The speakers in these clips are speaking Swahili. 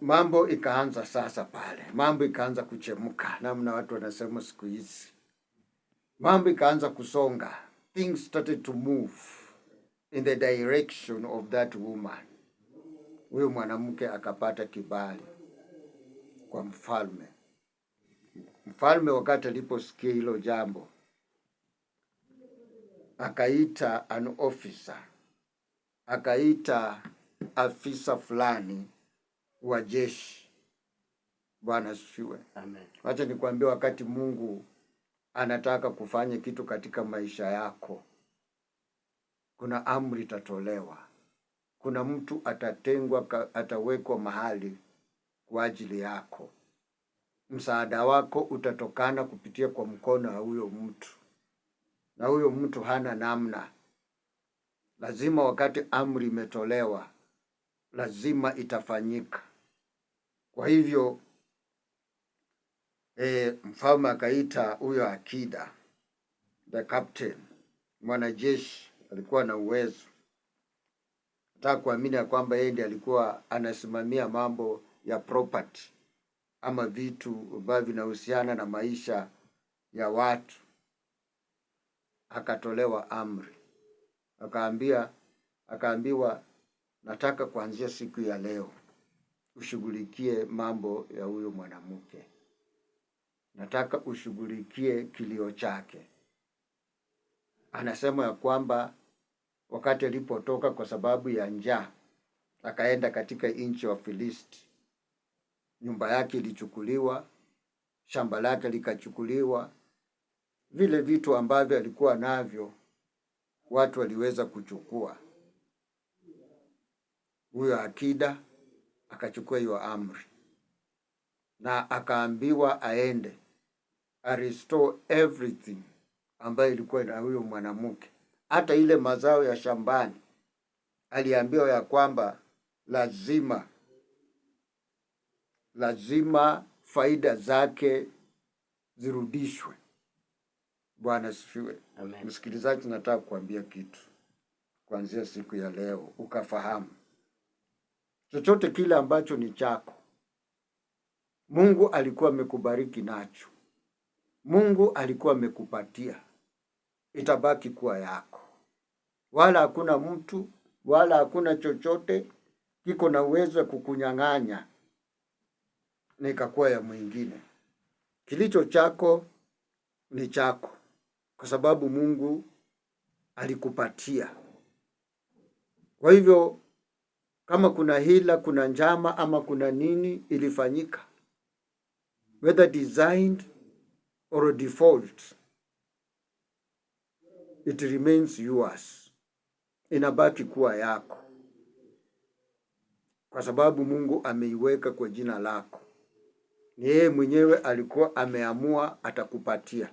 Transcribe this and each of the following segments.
mambo ikaanza sasa pale, mambo ikaanza kuchemka, namna watu wanasema siku hizi, mambo ikaanza kusonga, things started to move in the direction of that woman. Huyo mwanamke akapata kibali kwa mfalme. Mfalme wakati aliposikia hilo jambo, akaita an officer, akaita afisa fulani wa jeshi. Bwana asifiwe. Amen. Wacha nikwambie, wakati Mungu anataka kufanya kitu katika maisha yako, kuna amri itatolewa, kuna mtu atatengwa, atawekwa mahali kwa ajili yako. Msaada wako utatokana kupitia kwa mkono wa huyo mtu, na huyo mtu hana namna. Lazima wakati amri imetolewa, lazima itafanyika. Kwa hivyo e, mfalme akaita huyo akida the captain, mwanajeshi alikuwa na uwezo. Nataka kuamini ya kwamba yeye ndiye alikuwa anasimamia mambo ya property ama vitu ambavyo vinahusiana na maisha ya watu. Akatolewa amri, akaambia akaambiwa, nataka kuanzia siku ya leo ushughulikie mambo ya huyo mwanamke, nataka ushughulikie kilio chake. Anasema ya kwamba wakati alipotoka kwa sababu ya njaa akaenda katika nchi ya Wafilisti, nyumba yake ilichukuliwa, shamba lake likachukuliwa, vile vitu ambavyo alikuwa navyo watu waliweza kuchukua. Huyo akida akachukua hiyo amri na akaambiwa aende a restore everything ambayo ilikuwa na huyo mwanamke, hata ile mazao ya shambani. Aliambiwa ya kwamba lazima lazima faida zake zirudishwe. Bwana sifiwe. Msikilizaji, nataka kuambia kitu kuanzia siku ya leo ukafahamu chochote kile ambacho ni chako, Mungu alikuwa amekubariki nacho, Mungu alikuwa amekupatia, itabaki kuwa yako, wala hakuna mtu wala hakuna chochote kiko na uwezo wa kukunyang'anya nikakuwa ya mwingine. Kilicho chako ni chako, kwa sababu Mungu alikupatia. Kwa hivyo kama kuna hila, kuna njama ama kuna nini ilifanyika, whether designed or default, it remains yours, inabaki kuwa yako, kwa sababu Mungu ameiweka kwa jina lako. Ni yeye mwenyewe alikuwa ameamua atakupatia.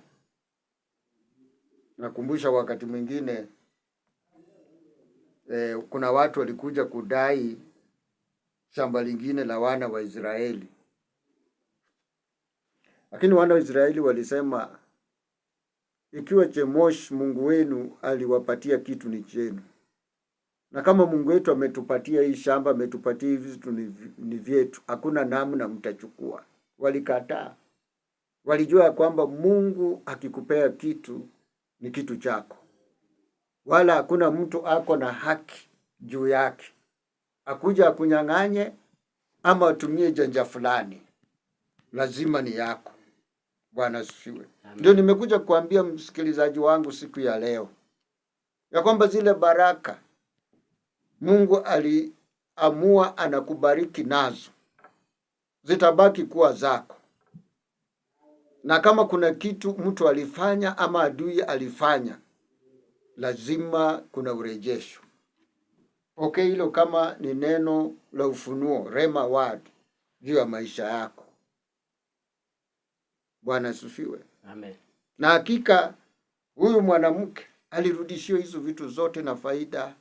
Nakumbusha wakati mwingine eh, kuna watu walikuja kudai shamba lingine la wana wa Israeli, lakini wana wa Israeli walisema, ikiwa Chemosh Mungu wenu aliwapatia kitu ni chenu, na kama Mungu wetu ametupatia hii shamba, ametupatia hivi vitu ni vyetu, hakuna namna mtachukua. Walikataa, walijua ya kwamba Mungu akikupea kitu ni kitu chako wala hakuna mtu ako na haki juu yake akuja akunyang'anye ama atumie janja fulani, lazima ni yako. Bwana asifiwe. Ndio nimekuja kuambia msikilizaji wangu siku ya leo ya kwamba zile baraka Mungu aliamua anakubariki nazo zitabaki kuwa zako, na kama kuna kitu mtu alifanya ama adui alifanya lazima kuna urejesho. Pokea hilo kama ni neno la ufunuo, rema word juu ya maisha yako. Bwana asifiwe. Amen. Na hakika huyu mwanamke alirudishiwa hizo vitu zote na faida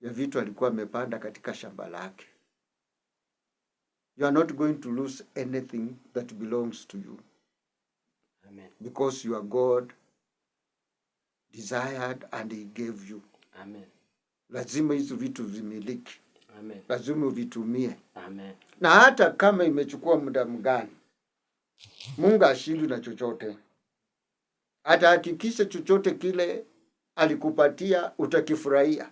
ya vitu alikuwa amepanda katika shamba lake. You are not going to lose anything that belongs to you. Amen. Because you are God desired and he gave you. Amen. Lazima hizo vitu vimiliki. Amen. Lazima uvitumie. Amen. Na hata kama imechukua muda mgani, Mungu ashindwi na chochote. Atahakikisha chochote kile alikupatia utakifurahia,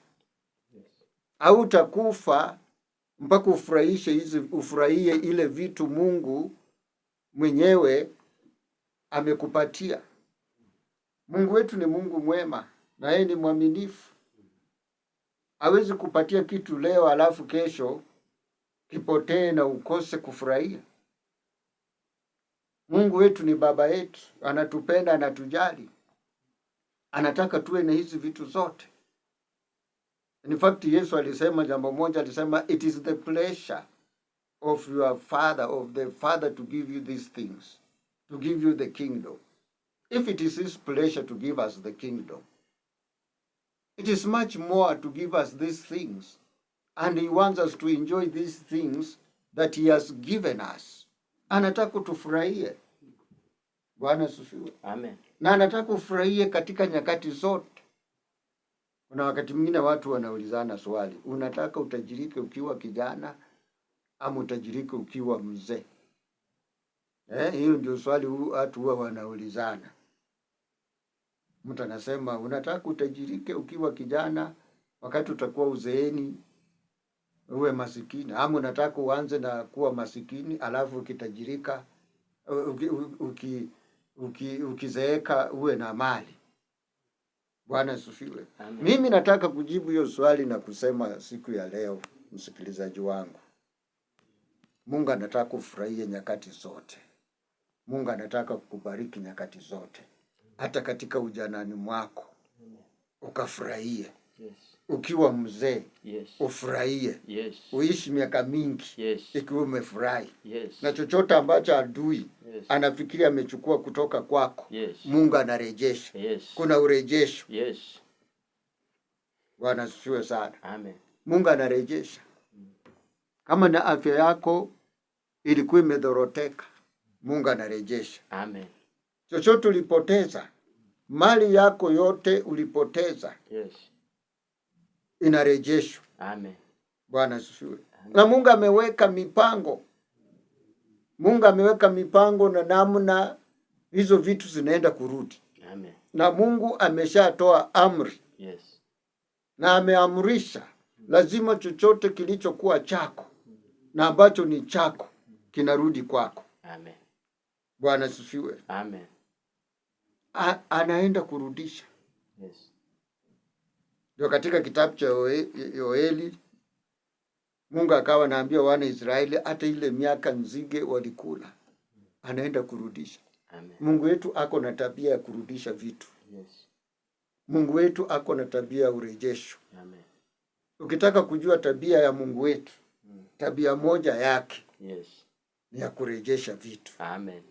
Au utakufa mpaka ufurahishe hizi ufurahie ile vitu Mungu mwenyewe amekupatia. Mungu wetu ni Mungu mwema na yeye ni mwaminifu. Hawezi kupatia kitu leo alafu kesho kipotee na ukose kufurahia. Mungu wetu ni baba yetu, anatupenda, anatujali, anataka tuwe na hizi vitu zote. In fact, Yesu alisema jambo moja, alisema it is the pleasure of your father of the father to give you these things to give you the kingdom if it is his pleasure to give us the kingdom, it is much more to give us these things. And he wants us to enjoy these things that he has given us. Anataka tufurahie. Bwana asifiwe. Amen. Na anataka ufurahie katika nyakati zote. Kuna wakati mwingine watu wanaulizana swali, unataka utajirike ukiwa kijana ama utajirike ukiwa mzee? Eh, hiyo ndio swali watu huwa wanaulizana. Mtu anasema unataka utajirike ukiwa kijana, wakati utakuwa uzeeni uwe masikini, ama unataka uanze na kuwa masikini alafu ukitajirika uki, uki, uki, ukizeeka uwe na mali. Bwana asifiwe. Mimi nataka kujibu hiyo swali na kusema siku ya leo, msikilizaji wangu, Mungu anataka ufurahie nyakati zote. Mungu anataka kukubariki nyakati zote hata katika ujanani mwako ukafurahie ukiwa mzee yes. Ufurahie yes. Uishi miaka mingi yes. Ikiwa umefurahi yes. Na chochote ambacho adui yes. anafikiria amechukua kutoka kwako yes. Mungu anarejesha yes. Kuna urejesho yes. Bwana siwe sana Amen. Mungu anarejesha kama na afya yako ilikuwa imedhoroteka, Mungu anarejesha Amen chochote ulipoteza, mali yako yote ulipoteza, yes. inarejeshwa. Amen. Bwana asifiwe. Na Mungu ameweka mipango, Mungu ameweka mipango na namna hizo vitu zinaenda kurudi. Amen. Na Mungu ameshatoa amri yes. na ameamrisha lazima chochote kilichokuwa chako na ambacho ni chako kinarudi kwako. Amen. Bwana asifiwe. Amen anaenda kurudisha yes. Ndio katika kitabu cha Yoeli Mungu akawa naambia wana Israeli hata ile miaka nzige walikula, anaenda kurudisha. Amen. Mungu wetu ako na tabia ya kurudisha vitu yes. Mungu wetu ako na tabia ya urejesho. Amen. Ukitaka kujua tabia ya Mungu wetu, tabia moja yake yes. ni ya kurejesha vitu Amen.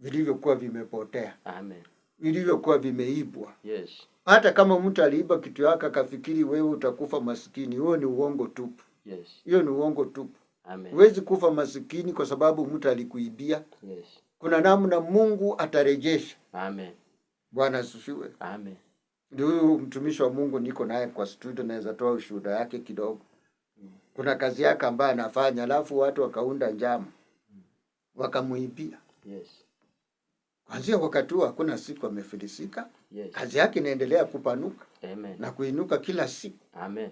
vilivyokuwa vimepotea Amen vilivyokuwa vimeibwa. Yes. Hata kama mtu aliiba kitu yake akafikiri wewe utakufa masikini, huo ni uongo tupu. Yes. Hiyo ni uongo tupu. Amen. Huwezi kufa masikini kwa sababu mtu alikuibia. Yes. Kuna namna Mungu atarejesha. Amen. Bwana asifiwe. Amen. Ndio huyu mtumishi wa Mungu niko naye kwa studio, naweza toa ushuhuda yake kidogo. Kuna kazi yake ambayo anafanya, alafu watu wakaunda njama mm. wakamuibia. Yes. Anzia wakati huo hakuna siku amefilisika. Yes. Kazi yake inaendelea kupanuka Amen. na kuinuka kila siku Amen.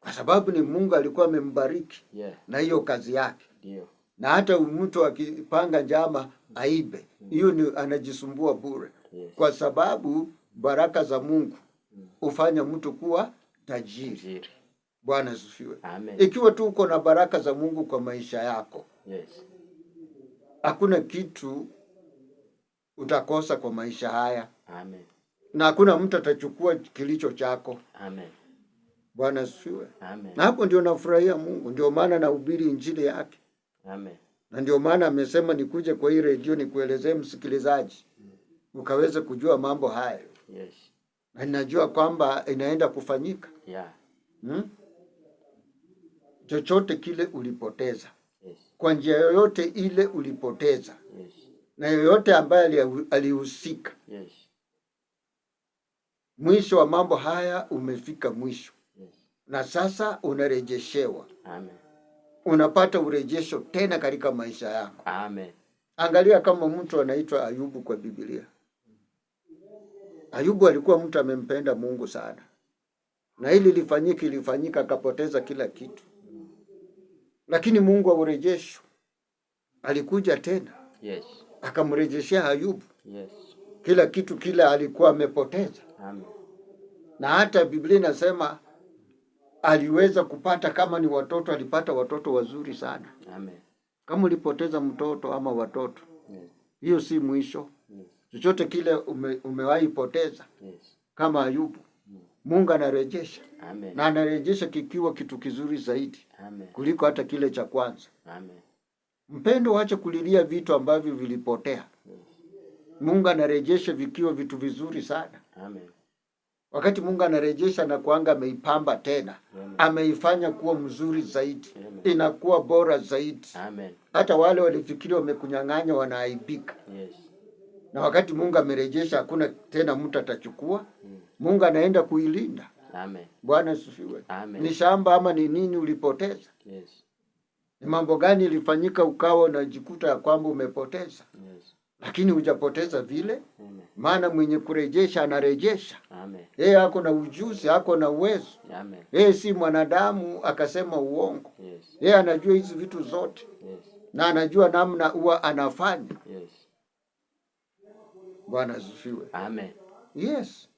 kwa sababu ni Mungu alikuwa amembariki yeah. na hiyo kazi yake yeah. na hata mtu akipanga njama aibe mm. hiyo mm. ni anajisumbua bure yes. kwa sababu baraka za Mungu mm. hufanya mm. mtu kuwa tajiri, tajiri. Bwana asifiwe. Ikiwa tu uko na baraka za Mungu kwa maisha yako yes. hakuna kitu utakosa kwa maisha haya. Amen. Na hakuna mtu atachukua kilicho chako. Amen. Bwana asifiwe. Amen. Na hapo ndio nafurahia Mungu, ndio maana nahubiri injili yake. Amen. Na ndio maana amesema nikuje kwa hii redio nikuelezee msikilizaji, ukaweze kujua mambo hayo. Yes. Na ninajua kwamba inaenda kufanyika. Yeah. Hmm? Chochote kile ulipoteza. Yes. Kwa njia yoyote ile ulipoteza na yoyote ambaye alihusika. Yes. Mwisho wa mambo haya umefika mwisho. Yes. Na sasa unarejeshewa. Amen. Unapata urejesho tena katika maisha yako. Amen. Angalia kama mtu anaitwa Ayubu kwa Biblia. Ayubu alikuwa mtu amempenda Mungu sana, na hili lifanyike ilifanyika, akapoteza kila kitu, lakini Mungu wa urejesho alikuja tena. Yes akamrejeshea Ayubu yes. Kila kitu kile alikuwa amepoteza. Na hata Biblia inasema aliweza kupata, kama ni watoto alipata watoto wazuri sana. Amen. Kama ulipoteza mtoto ama watoto yes. Hiyo si mwisho yes. Chochote kile ume, umewahi poteza yes. Kama Ayubu yes. Mungu anarejesha Amen. Na anarejesha kikiwa kitu kizuri zaidi Amen. Kuliko hata kile cha kwanza Amen. Mpendo, wache kulilia vitu ambavyo vilipotea. Mungu anarejesha vikiwa vitu vizuri sana. Amen. Wakati Mungu anarejesha na kuanga ameipamba tena. Ameifanya kuwa mzuri zaidi. Amen. Inakuwa bora zaidi. Amen. Hata wale walifikiri wamekunyang'anya wanaaibika. Yes. Na wakati Mungu amerejesha hakuna tena mtu atachukua. Hmm. Mungu anaenda kuilinda. Amen. Bwana asifiwe. Ni shamba ama ni nini ulipoteza? Yes ni mambo gani ilifanyika ukawa unajikuta ya kwamba umepoteza? Yes. Lakini hujapoteza vile, maana mwenye kurejesha anarejesha. Yeye ako na ujuzi, ako na uwezo. Yeye si mwanadamu akasema uongo. Yeye anajua hizi vitu zote yes. na anajua namna huwa anafanya yes. Bwana asifiwe. Amen. Yes.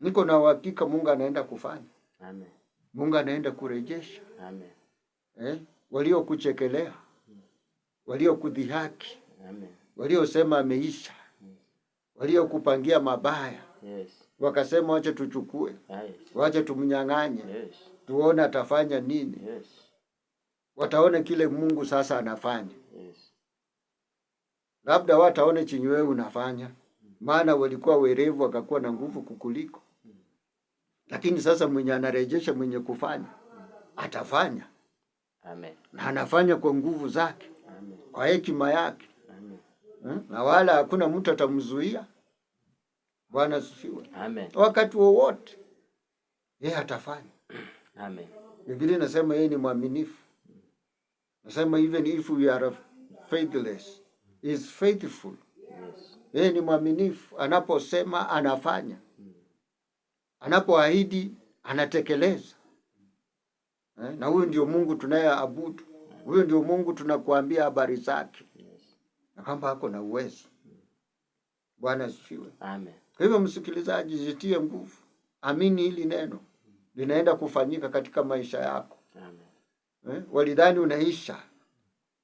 Niko na uhakika Mungu anaenda kufanya. Amen. Mungu anaenda kurejesha. Amen. Eh? waliokuchekelea, waliokudhihaki, waliosema ameisha, waliokupangia mabaya yes. Wakasema wache tuchukue yes. Wache tumnyang'anye yes. Tuone atafanya nini yes. Wataone kile Mungu sasa anafanya yes. Labda wataone chinyi wewe unafanya, maana walikuwa werevu wakakuwa na nguvu kukuliko, lakini sasa mwenye anarejesha mwenye kufanya atafanya. Amen. Na anafanya kwa nguvu zake Amen. Kwa hekima yake Amen. Hmm? Na wala hakuna mtu atamzuia. Bwana asifiwe. Amen. Wakati wowote yeye atafanya. Amen. Biblia inasema yeye ni mwaminifu. Nasema even if we are faithless, he is faithful. Yes. Yeye ni mwaminifu, anaposema anafanya, hmm. anapoahidi anatekeleza eh, na huyu ndio Mungu tunayeabudu, huyo ndio Mungu tunakuambia habari zake na kwamba ako na uwezo. Bwana asifiwe. Amen. Kwa hivyo, msikilizaji, zitie nguvu, amini hili neno linaenda kufanyika katika maisha yako. Amen. Eh, walidhani unaisha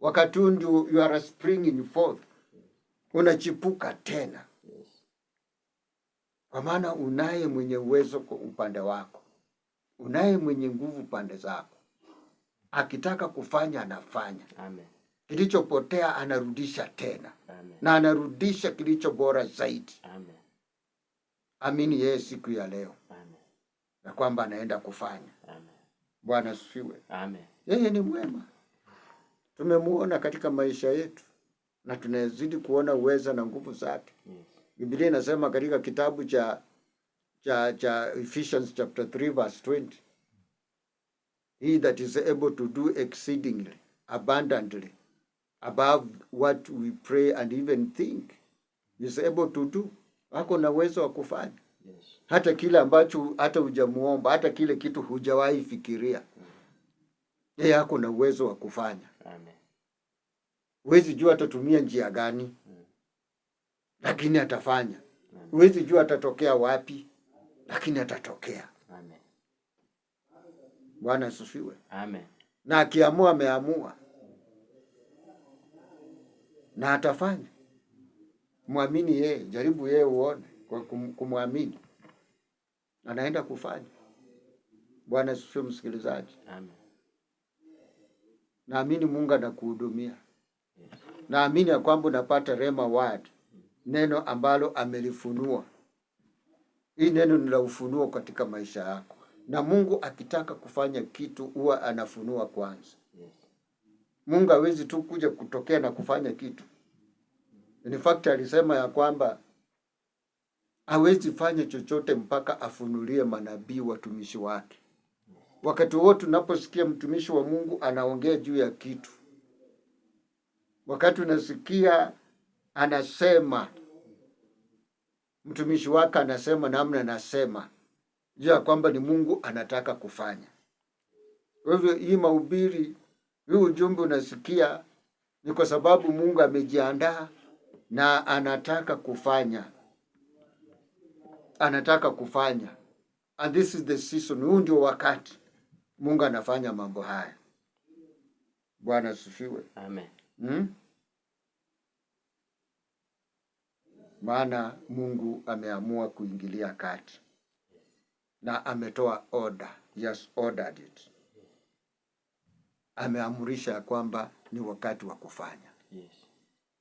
wakati huu ndio you are springing forth, unachipuka tena, kwa maana unaye mwenye uwezo kwa upande wako unaye mwenye nguvu pande zako, akitaka kufanya anafanya. Amen. Kilichopotea anarudisha tena. Amen. Na anarudisha kilicho bora zaidi. Amen. Amini yeye siku ya leo. Amen. Na kwamba anaenda kufanya. Amen. Bwana asifiwe. Amen. Yeye ni mwema, tumemuona katika maisha yetu na tunazidi kuona uweza na nguvu zake. Yes. Biblia inasema katika kitabu cha cha, cha Ephesians chapter 3 verse 20, he that is able to do exceedingly abundantly above what we pray and even think is able to do. Ako na uwezo wa kufanya yes. hata kile ambacho hata hujamuomba hata kile kitu hujawahi fikiria, yeye ako na uwezo wa kufanya. Amen. Huwezi jua atatumia njia gani, hmm. lakini atafanya. Huwezi jua atatokea wapi, lakini atatokea. Amen. Bwana asifiwe. Amen. Na akiamua ameamua na atafanya. Mwamini yeye, jaribu yeye uone kwa kumwamini anaenda kufanya. Bwana asifiwe msikilizaji. Amen. Naamini Mungu anakuhudumia. Naamini ya kwamba unapata rema word, neno ambalo amelifunua hii neno ni la ufunuo katika maisha yako, na Mungu akitaka kufanya kitu huwa anafunua kwanza. Mungu hawezi tu kuja kutokea na kufanya kitu. In fact alisema ya kwamba hawezi fanya chochote mpaka afunulie manabii watumishi wake. Wakati wote unaposikia mtumishi wa Mungu anaongea juu ya kitu, wakati unasikia anasema mtumishi wake anasema namna anasema juu ya kwamba ni Mungu anataka kufanya. Kwa hivyo hii mahubiri, hii ujumbe unasikia ni kwa sababu Mungu amejiandaa na anataka kufanya, anataka kufanya, and this is the season. Huu ndio wakati Mungu anafanya mambo haya. Bwana asifiwe, amen. Hmm? maana Mungu ameamua kuingilia kati na ametoa order. Yes, ordered it. Ameamrisha kwamba ni wakati wa kufanya